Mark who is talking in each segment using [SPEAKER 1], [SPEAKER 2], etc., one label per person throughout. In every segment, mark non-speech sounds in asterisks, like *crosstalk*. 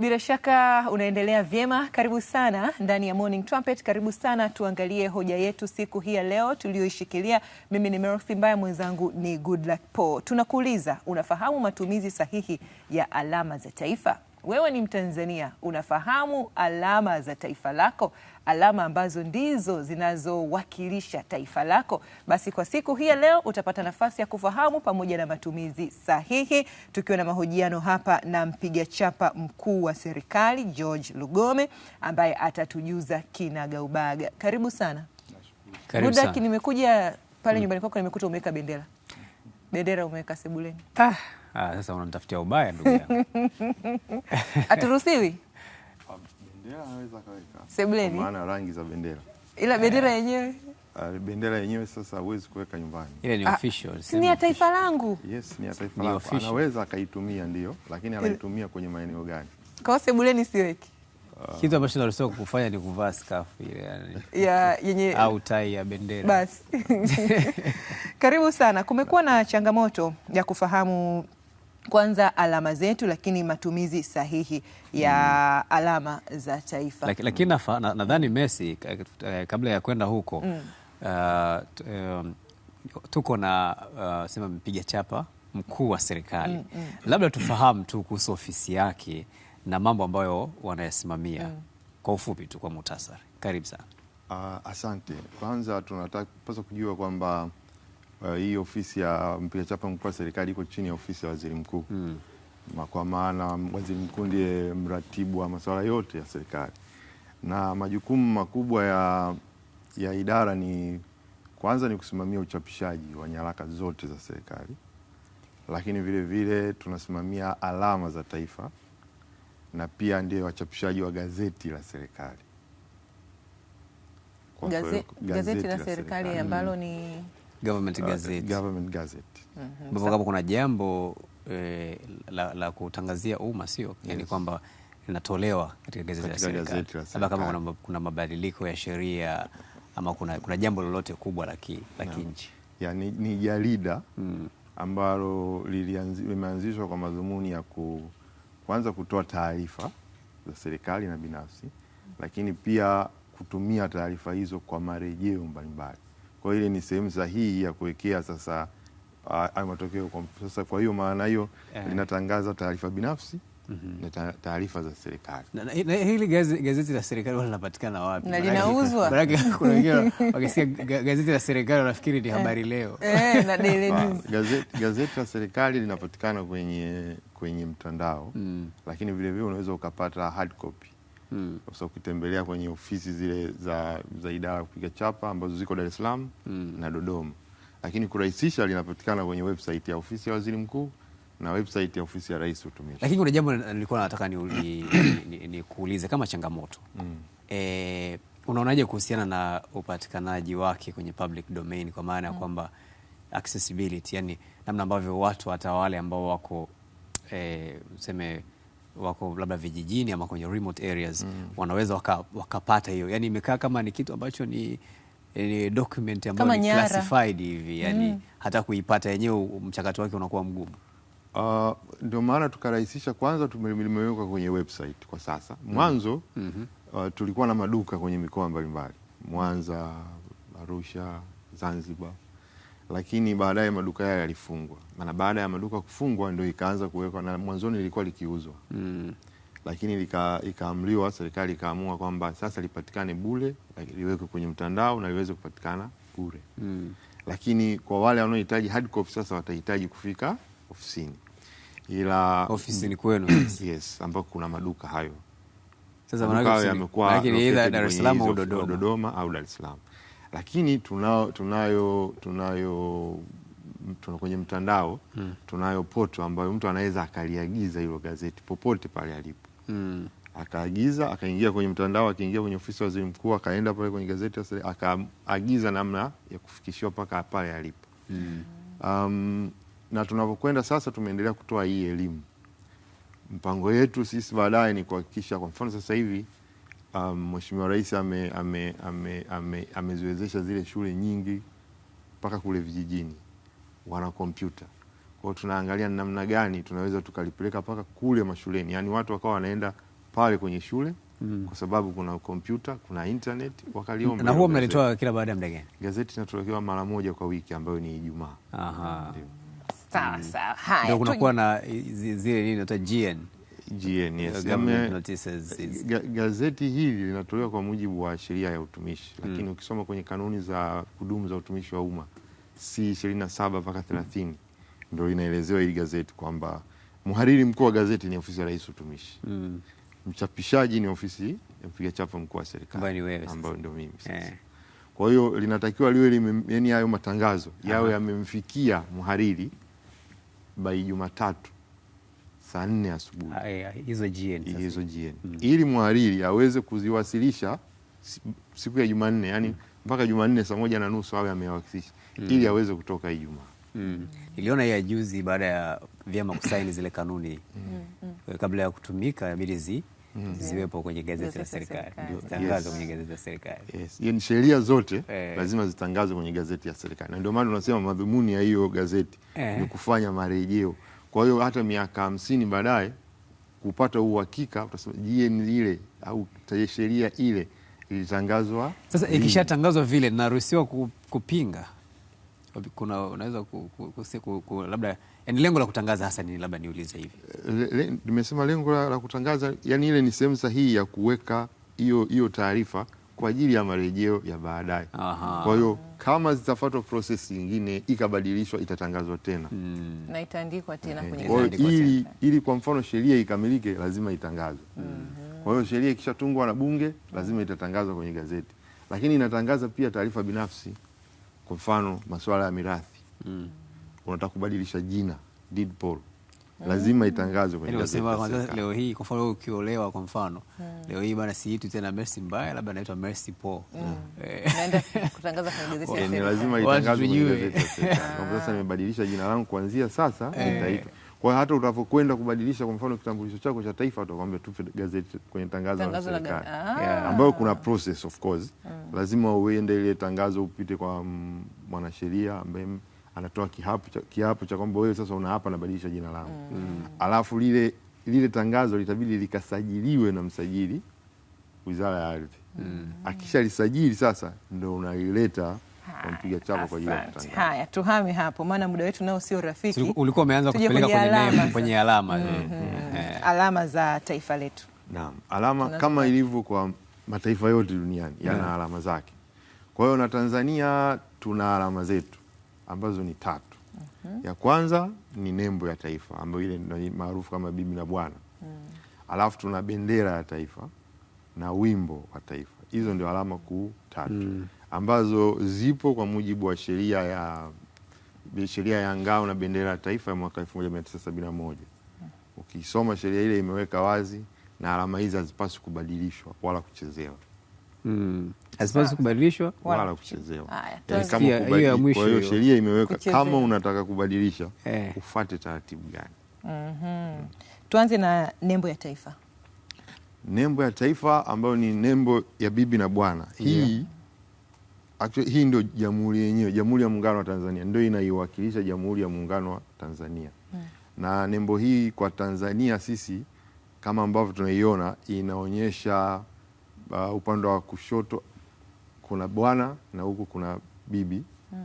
[SPEAKER 1] Bila shaka unaendelea vyema, karibu sana ndani ya Morning Trumpet, karibu sana tuangalie hoja yetu siku hii ya leo tuliyoishikilia. Mimi ni Mercy Mbaya, mwenzangu ni Goodluck Paul. Tunakuuliza, unafahamu matumizi sahihi ya alama za taifa? Wewe ni Mtanzania, unafahamu alama za taifa lako? alama ambazo ndizo zinazowakilisha taifa lako. Basi kwa siku hii ya leo utapata nafasi ya kufahamu pamoja na matumizi sahihi, tukiwa na mahojiano hapa na mpiga chapa mkuu wa serikali George Lugome ambaye atatujuza kinagaubaga. Karibu sana. Karibu sana. nimekuja pale mm, nyumbani kwako nimekuta umeweka bendera bendera umeweka sebuleni.
[SPEAKER 2] Ah, sasa unanitafutia ubaya ndugu yangu.
[SPEAKER 1] *laughs* Aturuhusiwi?
[SPEAKER 3] maana rangi za bendera.
[SPEAKER 1] Ila eh. bendera yenyewe
[SPEAKER 3] Uh, bendera yenyewe sasa kuweka nyumbani.
[SPEAKER 2] Ile ni ah, official.
[SPEAKER 1] ni ya taifa langu.
[SPEAKER 3] Yes, ni ya taifa langu. Anaweza akaitumia ndio, lakini anaitumia kwenye maeneo gani?
[SPEAKER 1] Kwa sebuleni siweki.
[SPEAKER 2] Ah. kitu ambacho naruhusiwa kufanya ni kuvaa skafu ile yenye au tai ya bendera.
[SPEAKER 1] Basi. *laughs* Karibu sana. Kumekuwa na changamoto ya kufahamu kwanza alama zetu, lakini matumizi sahihi ya mm. alama za taifa.
[SPEAKER 2] Lakini nadhani na Messi eh, eh, kabla ya kwenda huko mm. uh, tuko na uh, sema mpiga chapa mkuu wa serikali mm, mm. labda tufahamu tu kuhusu ofisi yake na mambo ambayo wanayasimamia mm. kwa ufupi tu, kwa muhtasari. Karibu sana.
[SPEAKER 3] Uh, asante. Kwanza tunataka kujua kwamba uh, hii ofisi ya mpiga chapa mkuu wa serikali iko chini ya ofisi ya waziri mkuu mm. Kwa maana waziri mkuu ndiye mratibu wa masuala yote ya serikali, na majukumu makubwa ya, ya idara ni kwanza ni kusimamia uchapishaji wa nyaraka zote za serikali, lakini vile vile tunasimamia alama za taifa na pia ndiye wachapishaji wa gazeti la serikali.
[SPEAKER 1] gazeti, gazeti la serikali ambalo ni
[SPEAKER 2] government uh, gazette,
[SPEAKER 3] government gazette
[SPEAKER 2] Mm -hmm. kama kuna jambo eh, la, la kutangazia umma sio, yani kwamba inatolewa katika gazeti la serikali, labda kama kuna, kuna mabadiliko ya sheria ama kuna, kuna jambo lolote kubwa la kinchi
[SPEAKER 3] yeah. Ni, ni jarida mm, ambalo limeanzishwa kwa madhumuni ya ku, kwanza kutoa taarifa za serikali na binafsi, lakini pia kutumia taarifa hizo kwa marejeo mbalimbali kwa ile ni sehemu sahihi ya kuwekea sasa hayo matokeo kwa sasa. Kwa hiyo maana hiyo eh. linatangaza taarifa binafsi mhm. Na taarifa za serikali
[SPEAKER 2] na, na, na, hili gazeti, la serikali linapatikana wapi?
[SPEAKER 1] Na linauzwa.
[SPEAKER 2] Kuna *laughs* wengine wakisikia gazeti la serikali wanafikiri ni eh. habari leo.
[SPEAKER 1] Eh, na *laughs* Daily ah, News.
[SPEAKER 3] Gazeti, gazeti la serikali linapatikana kwenye, kwenye mtandao mm. Lakini vilevile unaweza ukapata hard copy mm. sababu ukitembelea kwenye ofisi zile za, za idara ya kupiga chapa ambazo ziko Dar es Salaam mm. na Dodoma, lakini kurahisisha linapatikana kwenye website ya ofisi ya waziri mkuu na website ya ofisi ya rais utumishi.
[SPEAKER 2] Lakini kuna jambo nilikuwa nataka nikuulize kama changamoto mm. E, unaonaje kuhusiana na upatikanaji wake kwenye public domain kwa maana ya mm. kwamba accessibility, yani namna ambavyo watu hata wale ambao wako eh, useme wako labda vijijini ama kwenye remote areas mm. wanaweza wakapata waka hiyo, yani imekaa kama ni kitu ambacho ni ni document ambayo ni classified hivi yani mm. hata kuipata yenyewe mchakato wake unakuwa mgumu.
[SPEAKER 3] Uh, ndio maana tukarahisisha. Kwanza tumelimeweka kwenye website kwa sasa. Mm. Mwanzo mm -hmm. uh, tulikuwa na maduka kwenye mikoa mbalimbali Mwanza, Arusha, Zanzibar lakini baadaye maduka yale yalifungwa, maana baada ya maduka kufungwa ndio ikaanza kuwekwa, na mwanzoni ilikuwa likiuzwa mm. lakini ikaamriwa, serikali ikaamua kwamba sasa lipatikane bure, liwekwe kwenye mtandao na liweze kupatikana bure mm. lakini kwa wale wanaohitaji hard copy sasa watahitaji kufika ofisini,
[SPEAKER 2] ila ofisini kwenu *clears throat*
[SPEAKER 3] yes, ambako kuna maduka hayo. Sasa maana yamekuwa
[SPEAKER 2] Dar es Salaam au
[SPEAKER 3] Dodoma au Dar es Salaam lakini tunayo, tunayo, tunayo tuna kwenye mtandao hmm. tunayo poto ambayo mtu anaweza akaliagiza hilo gazeti popote pale alipo hmm. akaagiza akaingia kwenye mtandao, akiingia kwenye ofisi ya waziri mkuu, akaenda pale kwenye gazeti akaagiza namna ya kufikishiwa mpaka pale alipo hmm. um, na tunavyokwenda sasa, tumeendelea kutoa hii elimu. Mpango yetu sisi baadaye ni kuhakikisha, kwa mfano sasa hivi um, Mheshimiwa Rais ameziwezesha ame, ame, ame, zile shule nyingi mpaka kule vijijini wana kompyuta. Kwa hiyo tunaangalia namna gani tunaweza tukalipeleka mpaka kule mashuleni, yaani watu wakawa wanaenda pale kwenye shule mm. kwa sababu kuna kompyuta, kuna internet wakaliomba.
[SPEAKER 2] Na huwa mnalitoa kila baada ya muda gani?
[SPEAKER 3] Gazeti inatolewa mara moja kwa wiki ambayo ni Ijumaa. Aha.
[SPEAKER 1] Ndio. Sawa sawa.
[SPEAKER 2] Haya. Ndio kunakuwa na zile nini GN
[SPEAKER 3] GNS. Gazeti hili linatolewa kwa mujibu wa sheria ya utumishi, mm. lakini ukisoma kwenye kanuni za kudumu za utumishi wa umma si ishirini na saba mpaka thelathini ndo inaelezewa hili gazeti kwamba mhariri mkuu wa gazeti ni ofisi ya rais utumishi mm. mchapishaji ni ofisi ya mpiga chapa mkuu wa serikali ambayo ndio mimi sasa. Eh. Kwa hiyo linatakiwa liwe yani hayo matangazo yawe yamemfikia mhariri bai Jumatatu saa nne asubuhi
[SPEAKER 2] ah, hizo GN,
[SPEAKER 3] hizo GN. Mm. ili mhariri aweze kuziwasilisha siku ya Jumanne yani mm. mpaka Jumanne saa moja na nusu awe amewasilisha mm. ili aweze kutoka Ijumaa. Mm.
[SPEAKER 2] Iliona ya juzi baada ya vyama kusaini zile kanuni mm. mm, mm. Eh, kabla ya kutumika inabidi zi mm. ziwepo kwenye gazeti la serikali, zitangazwe kwenye gazeti la serikali.
[SPEAKER 3] Yes. Yes. Sheria zote eh, lazima zitangazwe kwenye gazeti ya serikali, na ndio maana unasema madhumuni ya hiyo gazeti eh, ni kufanya marejeo kwa hiyo hata miaka hamsini baadaye kupata uhakika utasema GN ile au sheria ile ilitangazwa.
[SPEAKER 2] Sasa ikishatangazwa vile, naruhusiwa kupinga? Kuna unaweza labda, yani lengo la kutangaza hasa ni labda niulize hivi,
[SPEAKER 3] nimesema lengo la, la kutangaza yani ile ni sehemu sahihi ya kuweka hiyo hiyo taarifa kwa ajili ya marejeo ya baadaye. Kwa hiyo kama zitafuatwa process nyingine ikabadilishwa, itatangazwa tena mm.
[SPEAKER 1] na itaandikwa tena
[SPEAKER 3] kwenye ili, ili kwa mfano sheria ikamilike lazima itangazwe mm -hmm. Kwa hiyo sheria ikishatungwa na Bunge lazima itatangazwa kwenye gazeti, lakini inatangaza pia taarifa binafsi. Kwa mfano masuala ya mirathi mm. Unataka kubadilisha jina deed poll Mm-hmm. lazima itangazwe kwenye yaani
[SPEAKER 2] gazeti. Leo hii kwa mfano ukiolewa, kwa mfano mm. leo hii bana, siitu tena Mercy Mbaya, labda naitwa Mercy Paul, mm. eh.
[SPEAKER 3] lazima itangazwe kwenye gazeti. *laughs* Sasa nimebadilisha jina langu, kuanzia sasa eh. nitaitwa kwa hata utakapokwenda kubadilisha kwa mfano kitambulisho chako cha taifa, utakwambia tupe gazeti kwenye tangazo la serikali ah. ambayo kuna process of course, mm. lazima uende ile tangazo upite kwa mwanasheria ambaye anatoa kiapo kiapo cha kwamba wewe sasa unaapa nabadilisha jina langu mm. mm. Alafu lile, lile tangazo litabidi likasajiliwe na msajili Wizara ya Ardhi mm. Akishalisajili sasa ndio unaileta kumpiga chapa kwa ajili ya
[SPEAKER 1] kutangaza. Haya, tuhame hapo, maana muda wetu nao sio rafiki.
[SPEAKER 2] Ulikuwa umeanza kupeleka kwenye alama, kwenye alama. Mm -hmm.
[SPEAKER 1] yeah. alama za taifa letu.
[SPEAKER 3] Naam, alama Tuna kama ilivyo kwa mataifa yote duniani yana yeah. Mm. alama zake. Kwa hiyo na Tanzania tuna alama zetu ambazo ni tatu. Uhum. Ya kwanza ni nembo ya taifa ambayo ile maarufu kama bibi na bwana. Alafu tuna bendera ya taifa na wimbo wa taifa. Hizo ndio alama kuu tatu mm. ambazo zipo kwa mujibu wa sheria ya sheria ya ngao na bendera ya taifa ya mwaka 1971. Ukisoma sheria ile imeweka wazi na alama hizi hazipaswi kubadilishwa wala kuchezewa
[SPEAKER 2] mm. kubadilishwa
[SPEAKER 3] wala kuchezewa. Yaani hiyo ya mwisho. Kwa hiyo sheria imeweka kama unataka kubadilisha eh, ufuate taratibu gani? mm
[SPEAKER 1] -hmm. mm. Tuanze na nembo ya taifa.
[SPEAKER 3] Nembo ya taifa ambayo ni nembo ya bibi na bwana yeah. hii Actually, hii ndio jamhuri yenyewe. Jamhuri ya Muungano wa Tanzania ndio inaiwakilisha Jamhuri ya Muungano wa Tanzania mm. na nembo hii kwa Tanzania sisi kama ambavyo tunaiona inaonyesha uh, upande wa kushoto kuna bwana na huku kuna bibi hmm.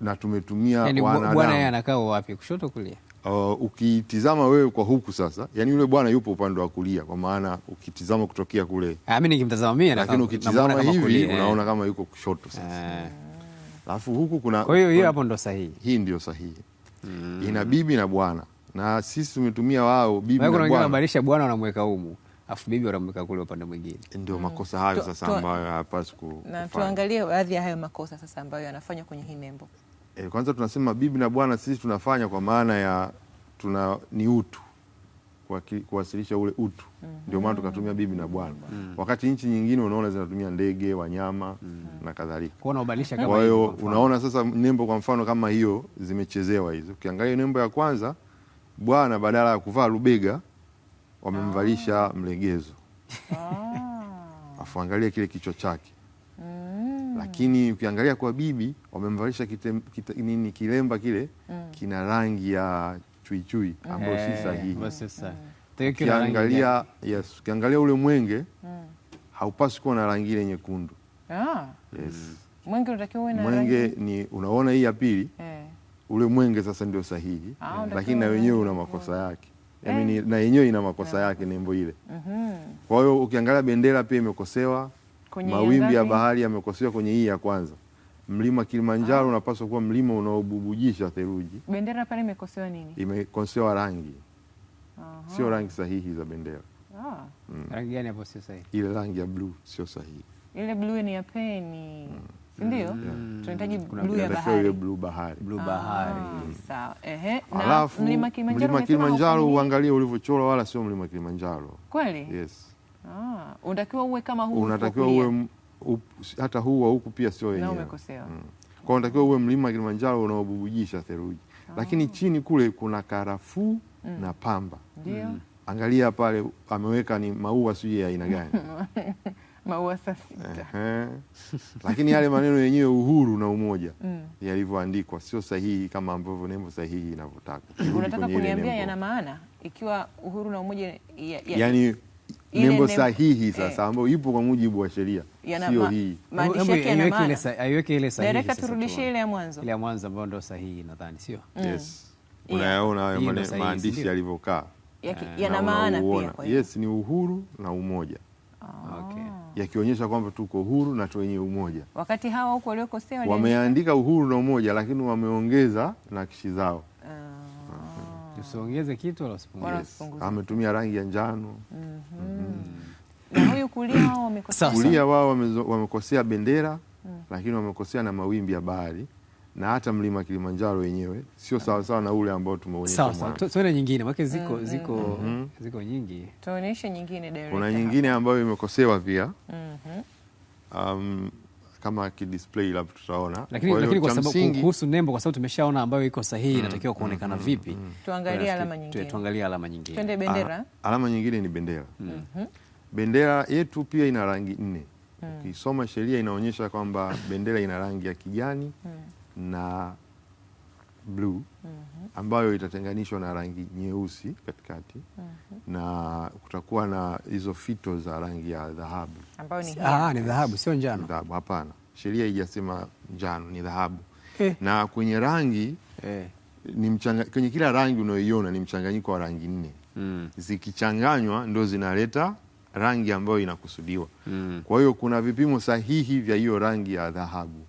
[SPEAKER 3] na tumetumia yani, bwana
[SPEAKER 2] yeye anakaa wapi, kushoto kulia?
[SPEAKER 3] Uh, ukitizama wewe kwa huku sasa, yani yule bwana yupo upande wa kulia, kwa maana ukitizama kutokea kule,
[SPEAKER 2] ah, mimi nikimtazama mimi,
[SPEAKER 3] lakini ukitizama hivi kulia, eh. unaona kama yuko kushoto sasa, eh. alafu huku kuna.
[SPEAKER 2] Kwa hiyo hiyo hapo ndo sahihi,
[SPEAKER 3] hii ndio sahihi hmm. ina bibi na bwana, na sisi tumetumia wao bibi na bwana,
[SPEAKER 2] wanabadilisha bwana wanamweka humu afu bibi wanamweka kule upande mwingine.
[SPEAKER 3] Ndio mm. makosa hayo sasa ambayo hayapaswi ku,
[SPEAKER 1] na tuangalie baadhi ya hayo makosa sasa ambayo yanafanywa kwenye hii nembo.
[SPEAKER 3] E, kwanza tunasema bibi na bwana sisi tunafanya kwa maana ya tuna ni utu kuwasilisha ule utu mm -hmm. Ndio maana tukatumia bibi na bwana mm -hmm. Wakati nchi nyingine unaona zinatumia ndege, wanyama mm -hmm. na kadhalika. Kwa hiyo unaona sasa nembo kwa mfano kama hiyo zimechezewa hizo. Ukiangalia nembo ya kwanza bwana badala ya kuvaa rubega mm wamemvalisha ah. mlegezo ah. *laughs* afuangalia kile kichwa chake mm. Lakini ukiangalia kwa bibi wamemvalisha nini kilemba kile mm. kina rangi ya chuichui ambayo hey, eh, si sahihi mm. Ukiangalia yes, ukiangalia ule mwenge mm. haupasi kuwa na rangi ile nyekundu ah.
[SPEAKER 1] yes. Mwenge unatakiwa na
[SPEAKER 3] mwenge ni unaona hii ya pili eh. Ule mwenge sasa ndio sahihi ah, lakini na wenyewe una makosa yake eh, na yenyewe ina makosa yake nembo ile. Mm-hmm. Kwa hiyo ukiangalia bendera pia imekosewa, mawimbi ya bahari yamekosewa kwenye hii ya kwanza. Mlima Kilimanjaro ah, unapaswa kuwa mlima unaobubujisha theluji.
[SPEAKER 1] Bendera pale imekosewa nini?
[SPEAKER 3] Imekosewa rangi, sio rangi sahihi za bendera. Ah.
[SPEAKER 2] Mm. Rangi gani hapo sio sahihi?
[SPEAKER 3] Ile rangi ya bluu sio sahihi.
[SPEAKER 1] Ile blue ni ya peni. Mm ndio mm. tunahitaji bluu ya bahari,
[SPEAKER 3] blue bahari,
[SPEAKER 2] blue bahari. Ah, sawa
[SPEAKER 1] ehe. Alafu mlima Kilimanjaro, mlima
[SPEAKER 3] Kilimanjaro uangalie ulivyochorwa, wala sio mlima Kilimanjaro kweli. Yes,
[SPEAKER 1] ah, unatakiwa uwe kama
[SPEAKER 3] huu, unatakiwa uwe hata huu wa huku pia sio wenyewe, umekosewa mm. kwa unatakiwa uwe mlima Kilimanjaro unaobubujisha theluji ah. lakini chini kule kuna karafuu mm. na pamba ndio mm. angalia pale ameweka ni maua sijui ya aina gani *laughs*
[SPEAKER 1] maua safi.
[SPEAKER 3] Lakini yale maneno yenyewe uhuru na umoja mm. yalivyoandikwa sio sahihi kama ambavyo nembo sahihi inavyotaka.
[SPEAKER 1] Unataka kuniambia yana maana ikiwa uhuru na umoja ya,
[SPEAKER 3] ya, yani nembo sahihi sasa eh, ambayo ipo kwa mujibu wa sheria sio hii.
[SPEAKER 2] Maandishi Aiweke ile sahihi.
[SPEAKER 1] Dereka turudishie ile ya mwanzo.
[SPEAKER 2] Ile ya mwanzo ambayo ndio sahihi nadhani sio?
[SPEAKER 3] Mm. Yes. Unayaona hayo maandishi yalivyokaa
[SPEAKER 1] eh. yana maana pia.
[SPEAKER 3] kwa hiyo. Yes, ni uhuru na umoja. Ah. Okay yakionyesha kwamba tuko huru na twenye umoja.
[SPEAKER 1] Wakati hawa huko waliokosea
[SPEAKER 3] wameandika uhuru na umoja, lakini wameongeza nakshi zao
[SPEAKER 2] ah. usiongeze kitu wala usipunguze.
[SPEAKER 3] Ametumia rangi ya njano. Mhm. Mm-hmm. kulia wao wamekosea bendera mm. Lakini wamekosea na mawimbi ya bahari na hata mlima Kilimanjaro wenyewe sio ah. sawa sawa na ule ambao tumeuonyesha.
[SPEAKER 2] Sasa tuone nyingine, maana ziko mm, ziko mm -hmm. ziko nyingi.
[SPEAKER 1] Tuonyeshe nyingine direct.
[SPEAKER 3] Kuna nyingine ambayo imekosewa pia mm -hmm. um, kama ki display labda tutaona,
[SPEAKER 2] lakini kwa lakini kwa sababu kuhusu nembo, kwa sababu tumeshaona ambayo iko sahihi mm, inatakiwa kuonekana mm, vipi? Mm,
[SPEAKER 1] tuangalie alama nyingine,
[SPEAKER 2] tuangalie alama nyingine,
[SPEAKER 1] twende ah, bendera.
[SPEAKER 3] Alama nyingine ni bendera mm -hmm. Bendera yetu pia ina rangi nne. Mm. Ukisoma mm. sheria inaonyesha kwamba bendera ina rangi ya kijani hmm na bluu mhm. ambayo itatenganishwa na rangi nyeusi katikati uhum. na kutakuwa na hizo fito za rangi ya dhahabu
[SPEAKER 2] ah, ni dhahabu sio njano.
[SPEAKER 3] Dhahabu hapana, sheria haijasema njano, ni dhahabu eh. na kwenye rangi eh. ni mchanga, kwenye kila rangi unayoiona ni mchanganyiko wa rangi nne mm. zikichanganywa ndo zinaleta rangi ambayo inakusudiwa mm. kwa hiyo kuna vipimo sahihi vya hiyo rangi ya dhahabu.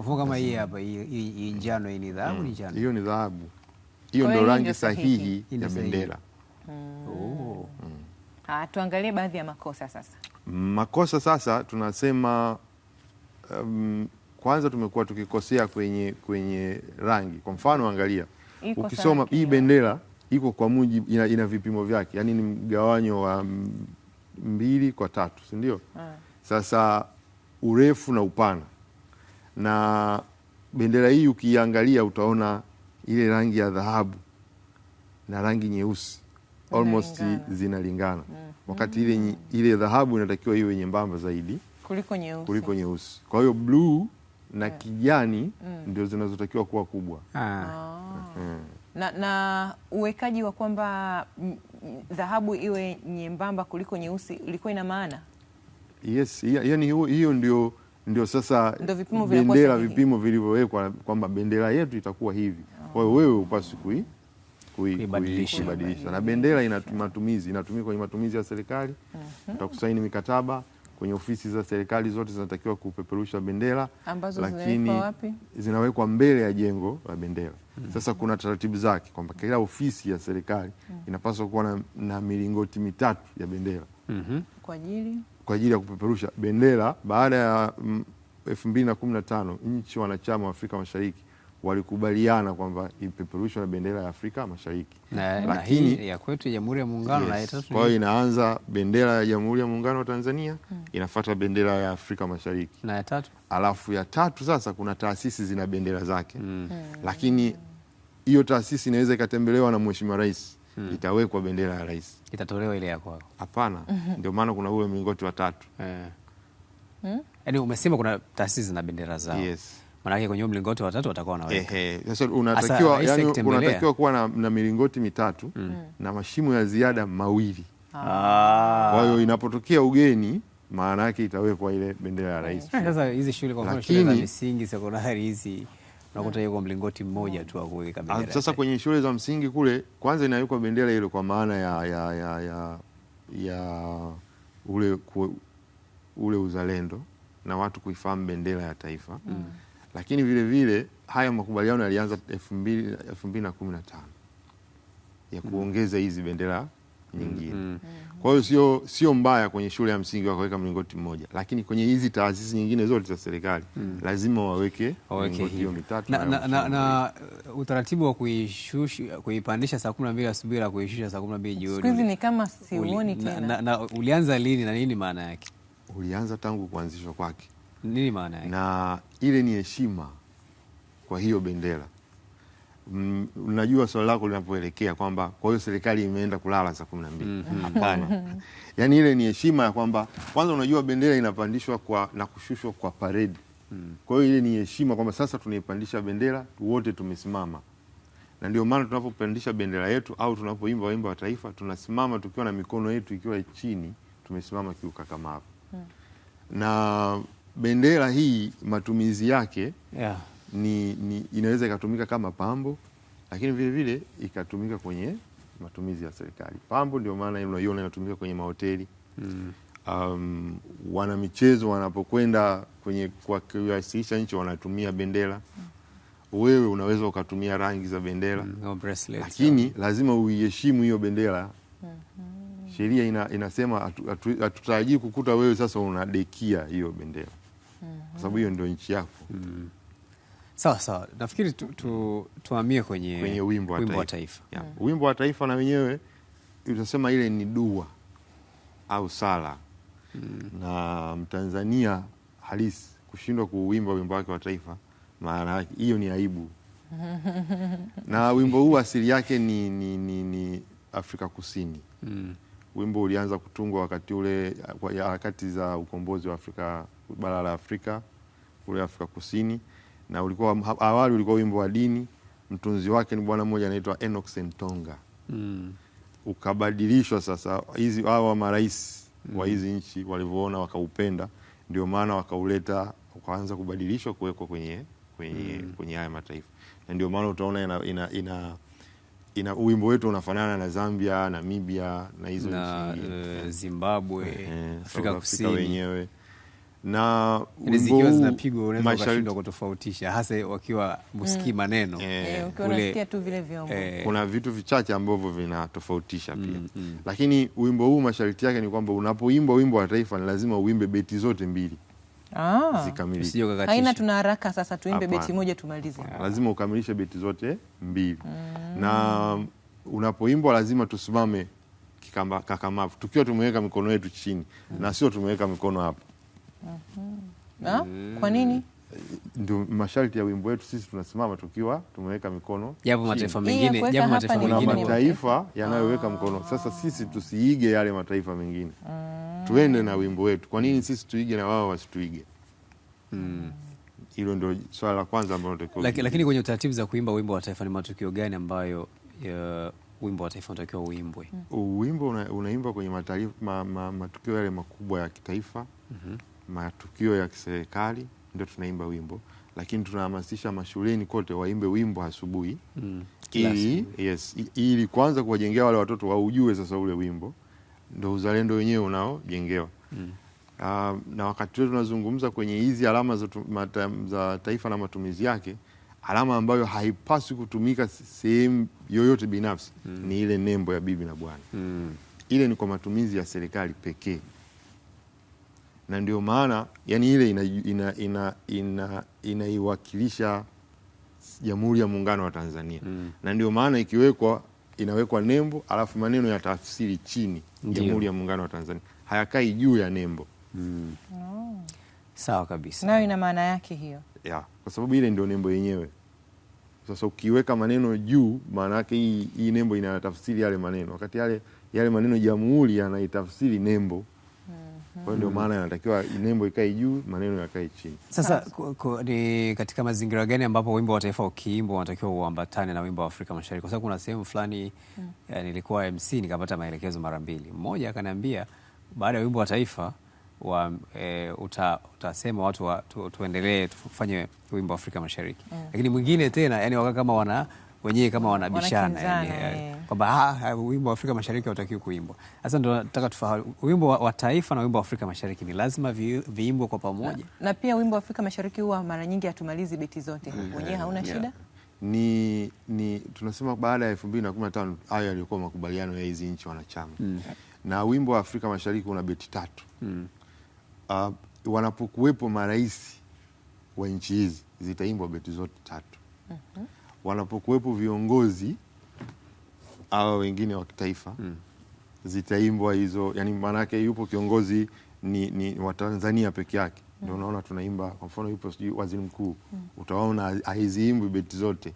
[SPEAKER 2] Mfano kama hii hapa, hii njano, hii ni dhahabu, ni
[SPEAKER 3] mm. njano. Hiyo ni dhahabu, hiyo ndio rangi sahihi ya bendera. Mm.
[SPEAKER 1] Mm. Ah, tuangalie baadhi ya makosa sasa.
[SPEAKER 3] Makosa sasa tunasema um, kwanza tumekuwa tukikosea kwenye, kwenye rangi. Kwa mfano angalia, ukisoma hii bendera iko kwa mujibu ina, ina vipimo vyake, yaani ni mgawanyo wa mbili kwa tatu, si ndio? Sasa urefu na upana na bendera hii ukiangalia utaona ile rangi ya dhahabu na rangi nyeusi almost zinalingana mm. wakati ile, ile dhahabu inatakiwa iwe nyembamba zaidi
[SPEAKER 1] kuliko nyeusi,
[SPEAKER 3] kuliko nyeusi. Kwa hiyo bluu na kijani mm. ndio zinazotakiwa kuwa kubwa ah. ah.
[SPEAKER 1] Mm. na, na uwekaji wa kwamba dhahabu iwe nyembamba kuliko nyeusi ilikuwa ina maana
[SPEAKER 3] yes, yani hiyo, hiyo ndio ndio sasa ndio vipimo bendera vipimo vilivyowekwa kwamba bendera yetu itakuwa hivi. Ah. Kwa hiyo wewe upasi kui
[SPEAKER 2] kuibadilisha
[SPEAKER 3] na bendera ina matumizi inatumika kwenye matumizi ya serikali tutakusaini mhm. mikataba kwenye ofisi za serikali zote zinatakiwa kupeperusha bendera
[SPEAKER 1] ambazo lakini
[SPEAKER 3] zinawekwa mbele ya jengo la bendera. Mm. Sasa kuna taratibu zake kwamba kila ofisi ya serikali mm. inapaswa kuwa na, na milingoti mitatu ya bendera mm
[SPEAKER 1] -hmm. kwa ajili
[SPEAKER 3] kwa ajili ya kupeperusha bendera baada ya mm, elfu mbili na kumi na tano nchi wanachama wa Afrika Mashariki walikubaliana kwamba ipeperushwa na bendera ya Afrika Mashariki
[SPEAKER 2] na, lakini na ya kwetu Jamhuri ya Muungano yes,
[SPEAKER 3] na Kwa hiyo inaanza bendera ya Jamhuri ya Muungano wa Tanzania hmm, inafuata bendera ya Afrika Mashariki na ya tatu. Alafu ya tatu sasa kuna taasisi zina bendera zake hmm, lakini hiyo taasisi inaweza ikatembelewa na Mheshimiwa Rais mm. itawekwa bendera ya rais,
[SPEAKER 2] itatolewa ile ya kwao?
[SPEAKER 3] Hapana. Mhm. Ndio maana kuna ule mlingoti wa tatu. Eh.
[SPEAKER 2] Hmm? Yaani yeah. mm. umesema kuna taasisi zina bendera zao. Yes. Maanake kwenye mlingoti wa tatu watakuwa
[SPEAKER 3] wanaweka. Ehe. Sasa unatakiwa yani, unatakiwa kuwa na, na milingoti mitatu mm. na mashimo ya ziada mawili. Ah. Kwa hiyo ah. inapotokea ugeni maana yake itawekwa ile bendera ya rais. Eh,
[SPEAKER 2] sasa hizi shule kwa mfano shule za msingi, sekondari hizi unakuta yuko mlingoti mmoja tu wa kuweka ah,
[SPEAKER 3] bendera. Sasa kwenye shule za msingi kule kwanza inawekwa bendera ile kwa maana ya, ya, ya, ya, ya ule, ku, ule uzalendo na watu kuifahamu bendera ya taifa mm. Lakini vile vile haya makubaliano yalianza elfu mbili na kumi na tano ya mm. kuongeza hizi bendera nyingine mm -hmm. Kwa hiyo sio sio mbaya kwenye shule ya msingi wakaweka mlingoti mmoja, lakini kwenye hizi taasisi nyingine zote za serikali mm -hmm. lazima waweke mlingoti hiyo mitatu
[SPEAKER 2] na, na, na, na utaratibu wa kuishusha kuipandisha saa kumi na mbili asubuhi na kuishusha saa kumi na mbili jioni siku
[SPEAKER 1] ni kama siuoni tena.
[SPEAKER 2] Na, na ulianza lini na nini maana yake?
[SPEAKER 3] Ulianza tangu kuanzishwa kwake.
[SPEAKER 2] Nini maana yake?
[SPEAKER 3] Na ile ni heshima kwa hiyo bendera Mm, unajua swali lako linapoelekea kwamba kwa hiyo serikali imeenda kulala saa kumi na mbili. Mhm. *laughs* Hapana. Yaani ile ni heshima ya kwamba kwanza, unajua bendera inapandishwa kwa, na kushushwa kwa paredi. mm. Kwa hiyo ile ni heshima kwamba sasa tunaipandisha bendera wote tumesimama, na ndio maana tunapopandisha bendera yetu au tunapoimba wimbo wa taifa tunasimama tukiwa na mikono yetu ikiwa chini, tumesimama kiukakamavu. mm. na bendera hii matumizi yake yeah ni, ni inaweza ikatumika kama pambo, lakini vile vile ikatumika kwenye matumizi ya serikali. Pambo ndio maana unaiona inatumika kwenye mahoteli mm. Um, wanamichezo wanapokwenda kwenye kuwakilisha nchi wanatumia bendera mm. Wewe unaweza ukatumia rangi za bendera mm. no bracelet, lakini so. lazima uiheshimu hiyo bendera mm -hmm. Sheria ina, inasema hatutarajii kukuta wewe sasa unadekia hiyo bendera mm -hmm. kwa sababu hiyo ndio nchi yako mm.
[SPEAKER 2] Sawa sawa, nafikiri tu, tu, tuamie kwenye,
[SPEAKER 3] kwenye wimbo wa taifa, taifa. Yeah. Mm. Wimbo wa taifa na wenyewe utasema ile ni dua au sala mm. na Mtanzania halisi kushindwa kuuimba wimbo wake wa taifa, maana hiyo ni aibu *laughs* na wimbo huu asili yake ni, ni, ni, ni Afrika Kusini mm. Wimbo ulianza kutungwa wakati ule harakati za ukombozi wa Afrika bara la Afrika kule Afrika Kusini na ulikuwa awali ulikuwa wimbo wa dini, mtunzi wake ni bwana mmoja anaitwa Enoch Sentonga mm. Ukabadilishwa sasa, hizi hawa marais mm. wa hizi nchi walivyoona wakaupenda, ndio maana wakauleta ukaanza kubadilishwa kuwekwa kwenye kwenye, mm. kwenye haya mataifa, na ndio maana utaona ina, ina, ina ina wimbo wetu unafanana na Zambia, Namibia na hizo
[SPEAKER 2] nchi, eh, Zimbabwe, eh, eh, Afrika Kusini wenyewe na yaani zikiwa zinapigwa unaweza kutofautisha, hasa wakiwa musikii mm. maneno eh.
[SPEAKER 1] Eh, eh.
[SPEAKER 3] kuna vitu vichache ambavyo vinatofautisha pia mm, mm. Lakini wimbo huu masharti yake ni kwamba unapoimba wimbo wa taifa ni lazima uimbe beti zote mbili
[SPEAKER 2] ah, zikamilike. Haina tuna haraka sasa tuimbe Apana, beti moja tumalize.
[SPEAKER 3] Ah. Lazima ukamilishe beti zote mbili mm. Na unapoimbwa lazima tusimame kakamavu tukiwa tumeweka mikono yetu chini mm. na sio tumeweka mikono hapa Ah, mm.
[SPEAKER 1] hmm Mm-hmm. kwa nini?
[SPEAKER 3] Ndio masharti ya wimbo wetu, sisi tunasimama tukiwa tumeweka mikono.
[SPEAKER 2] Japo mataifa mengine,
[SPEAKER 3] japo mataifa mengine, kuna mataifa yanayoweka ah. mkono. Sasa sisi tusiige yale mataifa mengine mm. tuende na wimbo wetu. Kwa nini sisi tuige na wao wasituige? mm. Hilo ndio swala la kwanza ambalo tunatakiwa.
[SPEAKER 2] Laki, lakini kwenye taratibu za kuimba wimbo wa taifa ni matukio gani ambayo ya, wimbo wa taifa unatakiwa uimbwe?
[SPEAKER 3] Wimbo unaimba kwenye matarifa, ma, ma, matukio yale makubwa ya kitaifa mm -hmm matukio ya kiserikali ndio tunaimba wimbo, lakini tunahamasisha mashuleni kote waimbe wimbo asubuhi mm. ili, yes, ili kwanza kuwajengea wale watoto waujue sasa ule wimbo, ndo uzalendo wenyewe unaojengewa mm. Uh, na wakati wetu tunazungumza kwenye hizi alama za, mata, za taifa na matumizi yake, alama ambayo haipaswi kutumika sehemu yoyote binafsi mm. ni ile nembo ya bibi na bwana mm. ile ni kwa matumizi ya serikali pekee na ndio maana yani ile inaiwakilisha ina, ina, ina, ina Jamhuri ya Muungano wa Tanzania mm. na ndio maana ikiwekwa inawekwa nembo alafu maneno ya tafsiri chini Jamhuri ya Muungano wa Tanzania hayakai juu ya nembo mm.
[SPEAKER 2] oh. Sawa kabisa,
[SPEAKER 1] nayo ina maana yake hiyo
[SPEAKER 3] ya, kwa sababu ile ndio nembo yenyewe. Sasa ukiweka maneno juu, maana yake hii, hii nembo inatafsiri yale maneno, wakati yale, yale maneno jamhuri yanaitafsiri nembo kwa hiyo ndio maana yanatakiwa nembo ikae juu, maneno yakae chini.
[SPEAKER 2] Sasa ni katika mazingira gani ambapo wimbo wa taifa ukiimbwa unatakiwa uambatane na wimbo wa Afrika Mashariki? Kwa sababu kuna sehemu fulani mm. nilikuwa MC nikapata maelekezo mara mbili. Mmoja akaniambia baada ya wimbo wa taifa wa, e, uta, utasema watu wa, tu, tuendelee tufanye wimbo wa Afrika Mashariki mm. Lakini mwingine tena yani waka kama wana wenyewe kama wanabishana yani, eh, eh. kwamba ah, ah, wimbo wa Afrika Mashariki hautakiwi kuimbwa. Sasa ndo nataka tufahamu wimbo wa, wa taifa na wimbo wa Afrika Mashariki ni lazima viimbwe kwa pamoja na,
[SPEAKER 1] na pia wimbo wa Afrika Mashariki huwa mara nyingi hatumalizi beti zote mm, wenyewe hauna yeah. shida
[SPEAKER 3] ni, ni tunasema baada ya elfu mbili na kumi na tano hayo yalikuwa makubaliano ya hizi nchi wanachama mm. na wimbo wa Afrika Mashariki una beti tatu mm. uh, wanapokuwepo marais wa nchi hizi zitaimbwa beti zote tatu wanapokuwepo viongozi awa wengine wa kitaifa mm. zitaimbwa hizo, yani maanake yupo kiongozi ni, ni Watanzania peke yake hmm. ndio mm. unaona tunaimba kwa mfano, yupo sijui waziri mkuu mm. utaona haiziimbwi beti zote.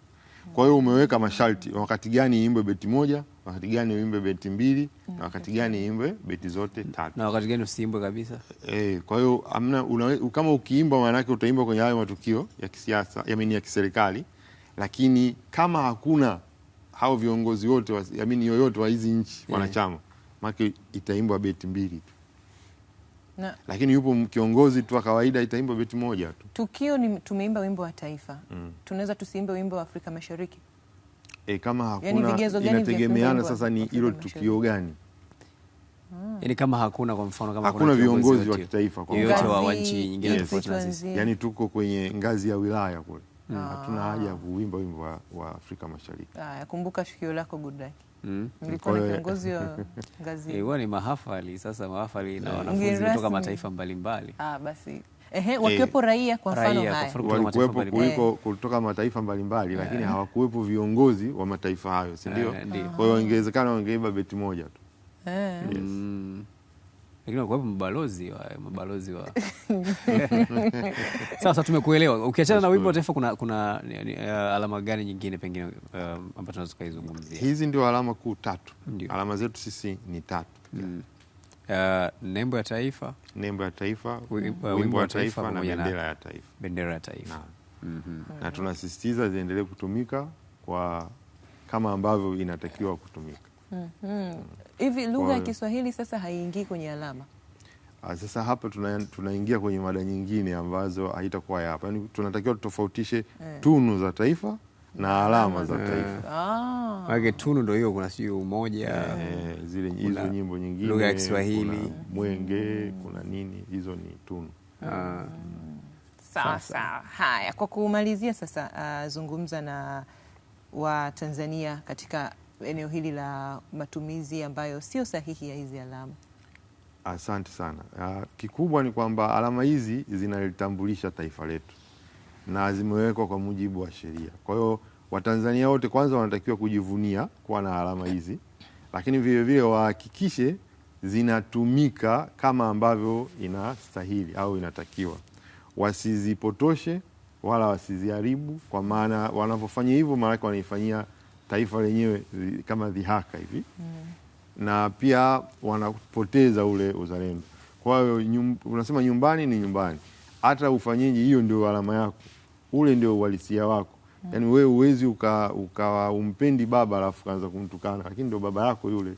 [SPEAKER 3] Hmm. Kwa hiyo umeweka masharti, wakati gani iimbwe beti moja, wakati gani uimbe beti mbili hmm. na wakati gani iimbwe beti zote tatu,
[SPEAKER 2] na wakati gani usiimbwe kabisa
[SPEAKER 3] eh. Kwa hiyo amna una, kama ukiimba maana yake utaimba kwenye hayo matukio ya kisiasa, ya ya kiserikali lakini kama hakuna hao viongozi wote yamini yoyote wa hizi nchi yeah. wanachama, maana itaimbwa beti mbili tu na, lakini yupo kiongozi tu wa kawaida itaimbwa beti moja tu.
[SPEAKER 1] Tukio ni tumeimba wimbo wa taifa mm. tunaweza tusiimbe wimbo wa Afrika Mashariki
[SPEAKER 3] e, kama yaani hakuna yani, inategemeana sasa ni hilo tukio gani
[SPEAKER 2] mm. yani kama hakuna kwa mfano
[SPEAKER 3] kama hakuna viongozi wa kitaifa kwa
[SPEAKER 2] wote wa nchi nyingine
[SPEAKER 3] yes. yani tuko kwenye ngazi ya wilaya kule mm. Ah. hatuna haja ya kuimba wimbo wa, wa Afrika Mashariki.
[SPEAKER 1] Aya, ah, kumbuka shukio lako good luck. Mm. Mlikuwa na kiongozi wa *laughs* ngazi.
[SPEAKER 2] Ilikuwa ni mahafali, sasa mahafali na eh. wanafunzi kutoka mataifa mbalimbali.
[SPEAKER 1] Ah, basi Ehe, eh. wakiwepo raia kwa mfano
[SPEAKER 3] haya walikuwepo kuliko kutoka mataifa mbalimbali yeah. Lakini hawakuwepo viongozi wa mataifa hayo, si eh, ndio? Kwa hiyo ingewezekana wangeiba beti moja tu yeah. yes.
[SPEAKER 2] mm lakini wakuwepo mabalozi wa mabalozi wa *laughs* sasa. Tumekuelewa. Ukiachana na wimbo wa taifa, kuna, kuna uh, alama gani nyingine pengine uh, eh, ambayo
[SPEAKER 3] tunaweza tukaizungumzia? Hizi ndio alama kuu tatu. Ndiyo. Alama zetu sisi ni tatu. mm.
[SPEAKER 2] Uh, nembo ya taifa,
[SPEAKER 3] nembo ya taifa, wimbo wa taifa na bendera ya taifa,
[SPEAKER 2] bendera ya taifa mm
[SPEAKER 3] -hmm. na tunasisitiza ziendelee kutumika kwa kama ambavyo inatakiwa kutumika. Mm-hmm.
[SPEAKER 1] hivi -hmm. Lugha ya Kiswahili sasa haiingii kwenye alama.
[SPEAKER 3] Ah, sasa hapa tunaingia kwenye mada nyingine ambazo haitakuwa ya hapa, yaani tunatakiwa tutofautishe eh, tunu za taifa na eh. alama za eh. taifa.
[SPEAKER 2] Ah. tunu ndio hiyo, kuna sio umoja yeah.
[SPEAKER 3] zile hizo nyimbo nyingine, lugha ya
[SPEAKER 2] Kiswahili, kuna
[SPEAKER 3] mwenge, kuna nini, hizo ni tunu. Ah.
[SPEAKER 1] Sawa sawa. Haya, kwa kumalizia sasa, uh, zungumza na Watanzania katika eneo hili la matumizi ambayo sio sahihi ya hizi alama?
[SPEAKER 3] Asante sana. Kikubwa ni kwamba alama hizi zinalitambulisha taifa letu na zimewekwa kwa mujibu wa sheria. Kwa hiyo Watanzania wote kwanza wanatakiwa kujivunia kuwa na alama hizi, lakini vilevile wahakikishe zinatumika kama ambavyo inastahili au inatakiwa, wasizipotoshe wala wasiziharibu, kwa maana wanavyofanya hivyo maanake wanaifanyia taifa lenyewe eh, kama dhihaka hivi mm. na pia wanapoteza ule uzalendo. Kwa hiyo nyum, unasema nyumbani ni nyumbani, hata ufanyeje, hiyo ndio alama yako, ule ndio uhalisia wako mm. Yani wewe uwezi ukawa uka, umpendi baba alafu kaanza kumtukana, lakini ndio baba yako yule.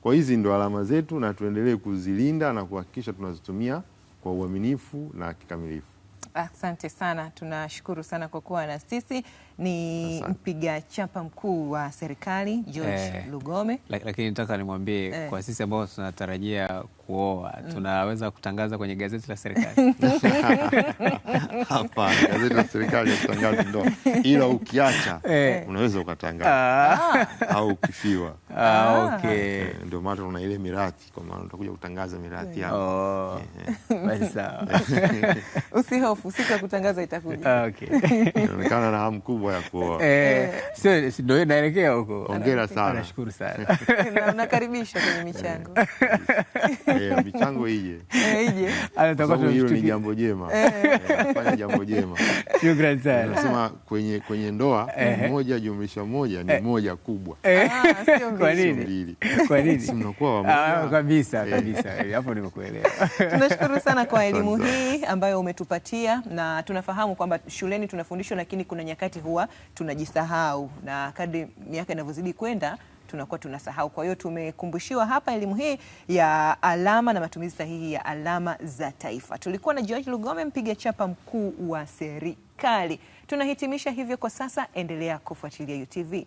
[SPEAKER 3] Kwa hizi ndio alama zetu, na tuendelee kuzilinda na kuhakikisha tunazitumia kwa uaminifu na kikamilifu.
[SPEAKER 1] Asante sana, tunashukuru sana kwa kuwa na sisi. Ni mpiga chapa mkuu wa serikali George eh, Lugome,
[SPEAKER 2] lakini nataka nimwambie eh, kwa sisi ambao tunatarajia kuoa mm. tunaweza kutangaza kwenye gazeti la serikali?
[SPEAKER 3] *laughs* Hapana, gazeti la serikali halitangazi ndoa, ila ukiacha *laughs* eh, unaweza ukatangaza ah, au ukifiwa
[SPEAKER 2] ah, okay. Eh,
[SPEAKER 3] ndio maana tuna ile mirathi, kwa maana utakuja kutangaza mirathi oh. yako.
[SPEAKER 2] *laughs* basi sawa,
[SPEAKER 1] usihofu siku ya kutangaza itakuja.
[SPEAKER 2] Ah,
[SPEAKER 3] inaonekana na hamu kubwa ya kuoa eh,
[SPEAKER 2] sio ndio, inaelekea huko.
[SPEAKER 3] Hongera sana,
[SPEAKER 2] nashukuru sana,
[SPEAKER 1] nakaribisha kwenye michango
[SPEAKER 3] yeah, *laughs* michango ije ije, hilo ni jambo jema, eh. fanya jambo jema.
[SPEAKER 2] Shukrani sana.
[SPEAKER 3] Nasema kwenye, kwenye ndoa mmoja eh. jumlisha moja ni eh. moja kubwa. Ah,
[SPEAKER 2] *laughs* kwa nini? Kwa nini? si Mnakuwa wamoja ah, kabisa kabisa, hapo nimekuelewa.
[SPEAKER 1] Tunashukuru sana kwa elimu hii ambayo umetupatia, na tunafahamu kwamba shuleni tunafundishwa, lakini kuna nyakati huwa tunajisahau, na kadri miaka inavyozidi kwenda tunakuwa tunasahau. Kwa hiyo tumekumbushiwa hapa elimu hii ya alama na matumizi sahihi ya alama za taifa. Tulikuwa na George Lugome, mpiga chapa mkuu wa serikali. Tunahitimisha hivyo kwa sasa, endelea kufuatilia UTV.